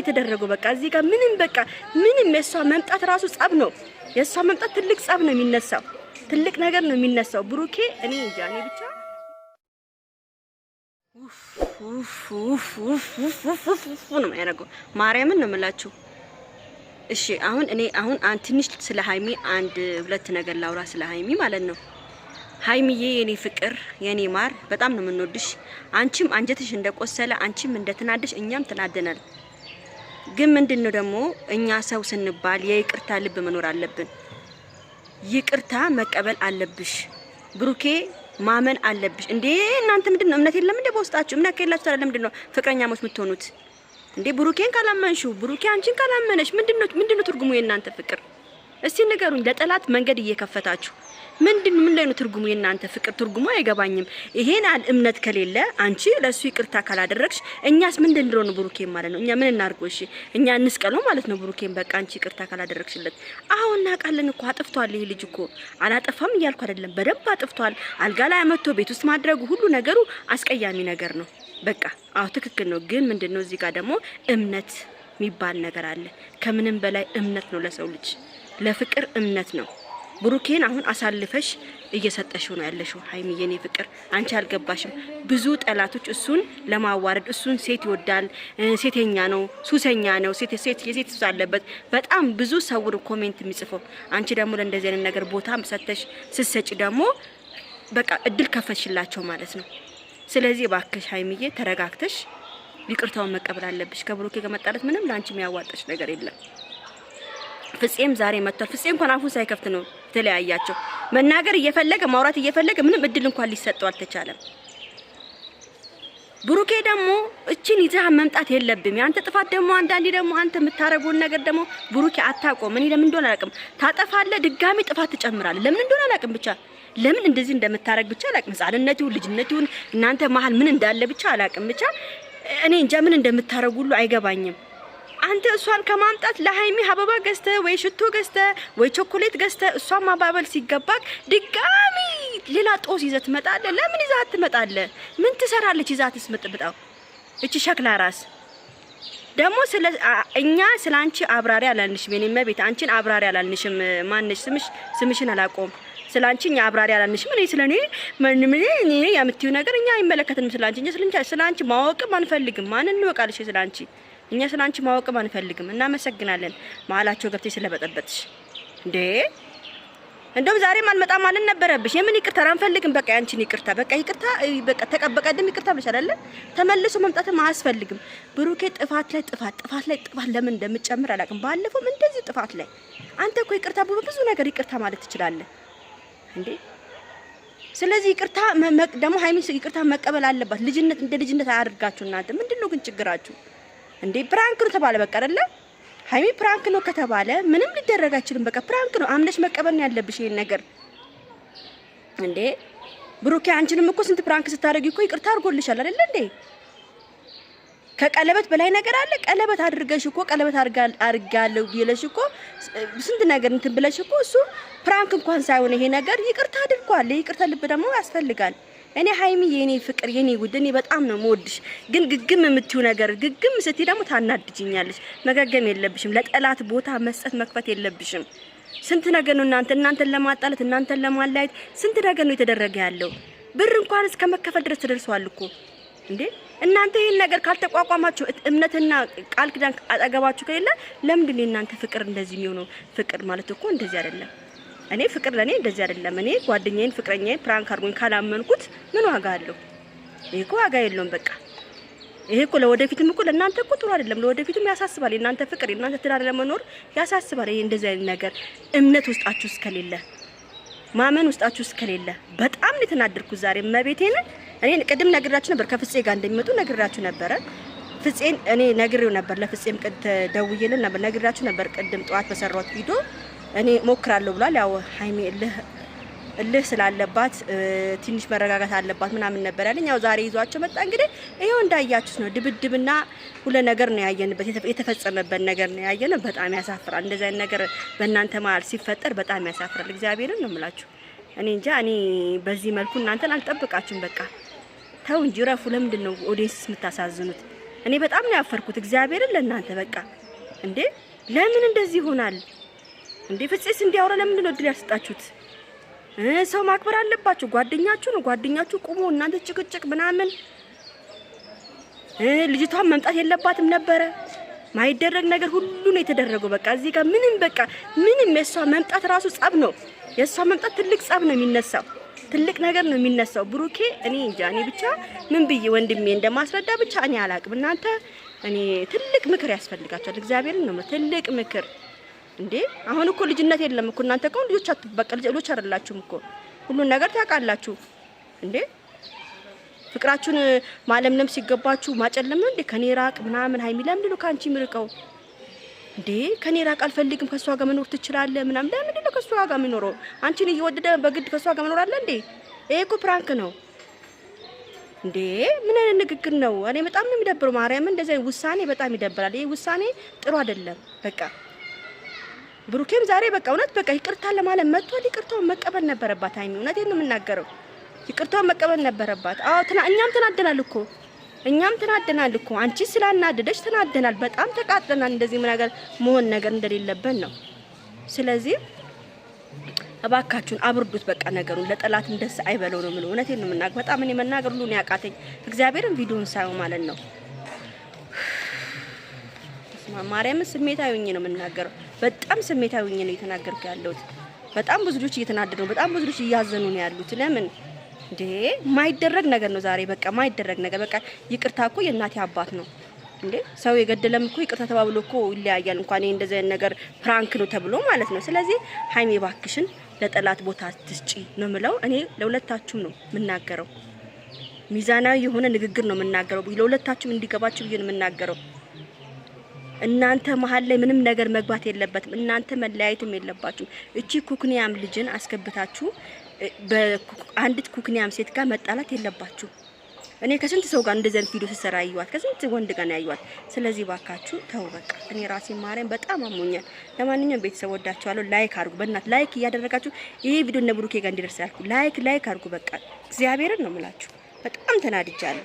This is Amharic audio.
የተደረገው በቃ እዚህ ጋር ምንም በቃ ምንም የእሷ መምጣት ራሱ ጸብ ነው። የእሷ መምጣት ትልቅ ጸብ ነው የሚነሳው፣ ትልቅ ነገር ነው የሚነሳው። ብሩኬ እኔ እንጃ እኔ ብቻ ነው የሚያደርገው። ማርያምን ነው የምላችሁ። እሺ አሁን እኔ አሁን ትንሽ ስለ ሀይሚ አንድ ሁለት ነገር ላውራ ስለ ሀይሚ ማለት ነው። ሀይሚዬ የኔ ፍቅር የኔ ማር በጣም ነው የምንወድሽ። አንቺም አንጀትሽ እንደቆሰለ አንቺም እንደትናደሽ እኛም ትናደናል። ግን ምንድን ነው ደግሞ እኛ ሰው ስንባል የይቅርታ ልብ መኖር አለብን። ይቅርታ መቀበል አለብሽ ብሩኬ፣ ማመን አለብሽ። እንዴ እናንተ ምንድን ነው እምነት የለም እንዴ? በውስጣችሁ እምነት ከሌላችሁ ታዲያ ምንድን ነው ፍቅረኛሞች የምትሆኑት? እንዴ ብሩኬን ካላመንሽው፣ ብሩኬ አንቺን ካላመነሽ ምንድን ነው ምንድን ነው ትርጉሙ የእናንተ ፍቅር? እስቲ ንገሩኝ። ለጠላት መንገድ እየከፈታችሁ ምንድን ምን ላይ ነው ትርጉሙ? የእናንተ ፍቅር ትርጉሙ አይገባኝም። ይሄን አል እምነት ከሌለ አንቺ ለእሱ ይቅርታ ካላደረግሽ እኛስ ምን እንደሮ ነው ብሩኬን ማለት ነው። እኛ ምን እናርጎ? እሺ እኛ እንስቀለው ማለት ነው ብሩኬን። በቃ አንቺ ይቅርታ ካላደረግሽለት። አሁን እናውቃለን እኮ አጥፍቷል። ይሄ ልጅ እኮ አላጠፋም እያልኩ አይደለም፣ በደንብ አጥፍቷል። አልጋ ላይ አመቶ ቤት ውስጥ ማድረጉ ሁሉ ነገሩ አስቀያሚ ነገር ነው። በቃ አዎ ትክክል ነው። ግን ምንድነው እዚህ ጋር ደግሞ እምነት የሚባል ነገር አለ። ከምንም በላይ እምነት ነው ለሰው ልጅ ለፍቅር እምነት ነው። ብሩኬን አሁን አሳልፈሽ እየሰጠሽው ነው ያለሽው። ሀይሚ የኔ ፍቅር አንቺ አልገባሽም። ብዙ ጠላቶች እሱን ለማዋረድ እሱን ሴት ይወዳል፣ ሴተኛ ነው፣ ሱሰኛ ነው፣ ሴት የሴት ሱስ አለበት በጣም ብዙ ሰውን ኮሜንት የሚጽፈው አንቺ ደግሞ ለእንደዚህ አይነት ነገር ቦታ ሰተሽ ስትሰጪ ደግሞ በቃ እድል ከፈችላቸው ማለት ነው። ስለዚህ እባክሽ ሀይሚዬ ተረጋግተሽ ይቅርታውን መቀበል አለብሽ። ከብሩኬ ከመጣለት ምንም ለአንቺ የሚያዋጣሽ ነገር የለም። ፍጼም ዛሬ መጥቷል። ፍፄ እንኳን አፉን ሳይከፍት ነው የተለያያቸው። መናገር እየፈለገ ማውራት እየፈለገ ምንም እድል እንኳን ሊሰጠው አልተቻለም። ብሩኬ ደግሞ እችን ይዛ መምጣት የለብም። ያንተ ጥፋት ደግሞ አንዳንዴ ደግሞ አንተ የምታረገውን ነገር ደግሞ ብሩኬ አታቆም። እኔ ለምን እንደሆነ አላውቅም፣ ታጠፋለህ፣ ድጋሚ ጥፋት ትጨምራለህ። ለምን እንደሆነ አላውቅም፣ ብቻ ለምን እንደዚህ እንደምታረግ ብቻ አላውቅም። ሕፃንነት ይሁን ልጅነት ይሁን እናንተ መሀል ምን እንዳለ ብቻ አላውቅም። ብቻ እኔ እንጃ ምን እንደምታረጉ ሁሉ አይገባኝም። አንተ እሷን ከማምጣት ለሀይሚ አበባ ገዝተ ወይ ሽቶ ገዝተ ወይ ቾኮሌት ገዝተ እሷን ማባበል ሲገባክ ድጋሚ ሌላ ጦስ ይዘህ ትመጣለህ። ለምን ይዛት ትመጣለህ? ምን ትሰራለች? ይዛት ስምጥብጣው እቺ ሸክላ ራስ ደግሞ ስለ እኛ ስለ አንቺ አብራሪ አላልንሽም። የኔ መቤት አንቺን አብራሪ አላልንሽም። ማነሽ ስምሽ ስምሽን አላቆም ስለ አንቺ እኛ አብራሪ አላልንሽም። እኔ ስለ እኔ ምንም እኔ የምትዩ ነገር እኛ አይመለከትንም። ስለ አንቺ ስለ አንቺ ማወቅም አንፈልግም። ማን እንወቃልሽ ስለ አንቺ እኛ ስለ አንቺ ማወቅም አንፈልግም። እናመሰግናለን መሀላቸው ገብተሽ ስለበጠበጥሽ። እንዴ እንደውም ዛሬም አልመጣም አለን ነበረብሽ። የምን ይቅርታ አንፈልግም። በቃ ያንቺን ይቅርታ በቃ ይቅርታ በቃ ተቀበቀ ደም ይቅርታ ብለሻል አይደል? ተመልሶ መምጣትም አያስፈልግም። ብሩኬ ጥፋት ላይ ጥፋት ጥፋት ላይ ጥፋት ለምን እንደምጨምር አላውቅም። ባለፈውም እንደዚህ ጥፋት ላይ አንተ እኮ ይቅርታ ብዙ ነገር ይቅርታ ማለት ትችላለህ እንዴ ስለዚህ ይቅርታ ደግሞ ሀይሚን ይቅርታ መቀበል አለባት። ልጅነት እንደ ልጅነት አያደርጋችሁ እናንተ ምንድን ነው ግን ችግራችሁ? እንዴ ፕራንክ ነው ተባለ። በቃ አይደለ ሀይሚ ፕራንክ ነው ከተባለ ምንም ሊደረግ አይችልም። በቃ ፕራንክ ነው አምነሽ መቀበል ነው ያለብሽ ይሄን ነገር እንዴ። ብሩኬ አንቺንም እኮ ስንት ፕራንክ ስታደርጊ እኮ ይቅርታ አድርጎልሻል አይደለ እንዴ? ከቀለበት በላይ ነገር አለ። ቀለበት አድርገሽ እኮ ቀለበት አድርጋለሁ ብለሽ እኮ ስንት ነገር እንትን ብለሽ እኮ እሱ ፕራንክ እንኳን ሳይሆን ይሄ ነገር ይቅርታ አድርጓል። ይቅርታ ልብ ደግሞ ያስፈልጋል። እኔ ሀይሚ የኔ ፍቅር የኔ ውድ እኔ በጣም ነው የምወድሽ፣ ግን ግግም የምትዩ ነገር ግግም ስትይ ደግሞ ታናድጅኛለች። መገገም የለብሽም ለጠላት ቦታ መስጠት መክፈት የለብሽም። ስንት ነገር ነው እናንተ እናንተን ለማጣለት እናንተን ለማለያየት ስንት ነገር ነው የተደረገ ያለው። ብር እንኳን እስከ መከፈል ድረስ ተደርሷል እኮ እንዴ! እናንተ ይህን ነገር ካልተቋቋማችሁ እምነትና ቃል ኪዳን አጠገባችሁ ከሌለ ለምንድን ነው የእናንተ ፍቅር እንደዚህ የሚሆነው? ፍቅር ማለት እኮ እንደዚህ አይደለም። እኔ ፍቅር ለእኔ እንደዚህ አይደለም። እኔ ጓደኛዬን ፍቅረኛዬን ፕራንክ አድርጎኝ ካላመንኩት ምን ዋጋ አለው? ይሄ እኮ ዋጋ የለውም። በቃ ይሄ እኮ ለወደፊትም እኮ ለእናንተ እኮ ጥሩ አይደለም። ለወደፊትም ያሳስባል። የእናንተ ፍቅር የእናንተ ትዳር ለመኖር ያሳስባል። ይሄ እንደዚህ አይነት ነገር እምነት ውስጣችሁ እስከሌለ ማመን ውስጣችሁ እስከሌለ በጣም ነው የተናደድኩት ዛሬ መቤቴን። እኔ ቅድም ነግራችሁ ነበር ከፍጼ ጋር እንደሚመጡ ነግራችሁ ነበረ። ፍፄን እኔ ነግሬው ነበር ቅድ ደውዬልን ነበር ነግራችሁ ነበር ቅድም ጠዋት በሰራሁት ቪዲዮ እኔ ሞክራለሁ ብሏል። ያው ሀይሜ እልህ እልህ ስላለባት ትንሽ መረጋጋት አለባት ምናምን ነበር ያለኝ። ያው ዛሬ ይዟቸው መጣ። እንግዲህ ይኸው እንዳያችሁት ነው። ድብድብና ሁለ ነገር ነው ያየንበት፣ የተፈጸመበት ነገር ነው ያየነው። በጣም ያሳፍራል። እንደዚህ አይነት ነገር በእናንተ መሀል ሲፈጠር በጣም ያሳፍራል። እግዚአብሔርን ነው የምላችሁ። እኔ እንጃ፣ እኔ በዚህ መልኩ እናንተን አልጠብቃችሁም። በቃ ተው እንጂ ረፉ። ለምንድን ነው ኦዲየንስ የምታሳዝኑት? እኔ በጣም ነው ያፈርኩት። እግዚአብሔርን ለእናንተ በቃ እንዴ! ለምን እንደዚህ ይሆናል? እንዴ ፍጽስ እንዲያወራ ለምንድን ነው እድል ያልሰጣችሁት? ሰው ማክበር አለባችሁ። ጓደኛችሁ ነው። ጓደኛችሁ ቁሞ እናንተ ጭቅጭቅ ምናምን። ልጅቷን መምጣት የለባትም ነበረ። ማይደረግ ነገር ሁሉ ነው የተደረገው። በቃ እዚህ ጋር ምንም በቃ ምንም የእሷ መምጣት ራሱ ጸብ ነው። የእሷ መምጣት ትልቅ ጸብ ነው የሚነሳው፣ ትልቅ ነገር ነው የሚነሳው። ብሩኬ እኔ እንጃ እኔ ብቻ ምን ብዬ ወንድሜ እንደማስረዳ ብቻ እኔ አላቅም። እናንተ እኔ ትልቅ ምክር ያስፈልጋቸዋል። እግዚአብሔርን ነው ትልቅ ምክር እንዴ አሁን እኮ ልጅነት የለም እኮ እናንተ እኮ ልጆች አትበቀል ልጆች አይደላችሁም እኮ ሁሉን ነገር ታውቃላችሁ። እንዴ ፍቅራችሁን ማለምለም ሲገባችሁ ማጨለም እንዴ? ከኔ ራቅ ምናምን ሀይሚ ለምንድን ነው ከአንቺ ምርቀው እንዴ? ከኔ ራቅ አልፈልግም፣ ከእሷ ጋር መኖር ትችላለህ ምናምን። ለምንድን ነው ከእሷ ጋር የሚኖረው? አንቺን እየወደደ በግድ ከእሷ ጋር መኖር አለ እንዴ? ይሄ እኮ ፕራንክ ነው እንዴ! ምን አይነት ንግግር ነው? እኔ በጣም ነው የሚደብረው። ማርያም እንደዚህ ውሳኔ በጣም ይደብራል። ይሄ ውሳኔ ጥሩ አይደለም። በቃ ብሩኬም ዛሬ በቃ እውነት በቃ ይቅርታ ለማለት መጥቷል። ይቅርታውን መቀበል ነበረባት ሀይሚ። እውነቴን ነው የምናገረው፣ ይቅርታውን መቀበል ነበረባት። አዎ እኛም ትናደናል እኮ እኛም ትናደናል እኮ አንቺ ስላናደደች ትናደናል። በጣም ተቃጥለናል። እንደዚህ ነገር መሆን ነገር እንደሌለበት ነው። ስለዚህ እባካችሁን አብርዱት በቃ ነገሩን ለጠላትም ደስ አይበለው ነው የምለው። እውነቴን ነው የምናገር። በጣም እኔ መናገር ሁሉ ነው ያቃተኝ። እግዚአብሔርን ቪዲዮን ሳይሆን ማለት ነው ማርያምን ስሜታዊ ነው የምናገረው። በጣም ስሜታዊ ነው እየተናገርኩ ያለሁት። በጣም ብዙ ልጆች እየተናደዱ ነው። በጣም ብዙ ልጆች እያዘኑ ነው ያሉት። ለምን እንዴ ማይደረግ ነገር ነው ዛሬ። በቃ ማይደረግ ነገር በቃ ይቅርታ እኮ የእናቴ አባት ነው እንዴ ሰው የገደለም እኮ ይቅርታ ተባብሎ እኮ ይለያያል። እንኳን እንደዚህ ነገር ፕራንክ ነው ተብሎ ማለት ነው። ስለዚህ ሀይሜ ባክሽን ለጠላት ቦታ ትስጪ ነው ምለው። እኔ ለሁለታችሁም ነው የምናገረው። ሚዛናዊ የሆነ ንግግር ነው የምናገረው። ለሁለታችሁም እንዲገባችሁ ብዬ ነው የምናገረው። እናንተ መሀል ላይ ምንም ነገር መግባት የለበትም። እናንተ መለያየትም የለባችሁም። እቺ ኩክኒያም ልጅን አስገብታችሁ አንዲት ኩክኒያም ሴት ጋር መጣላት የለባችሁ። እኔ ከስንት ሰው ጋር እንደዚህ ቪዲዮ ስሰራ ያዩዋት፣ ከስንት ወንድ ጋር ያዩዋት። ስለዚህ ባካችሁ ተው በቃ። እኔ ራሴ ማርያም በጣም አሞኛል። ለማንኛውም ቤተሰብ ወዳችኋለሁ። ላይክ አድርጉ፣ በእናት ላይክ እያደረጋችሁ ይሄ ቪዲዮ እነ ብሩኬ ጋር እንዲደርስ ያልኩ ላይክ ላይክ አድርጉ። በቃ እግዚአብሔርን ነው የምላችሁ። በጣም ተናድጃለሁ።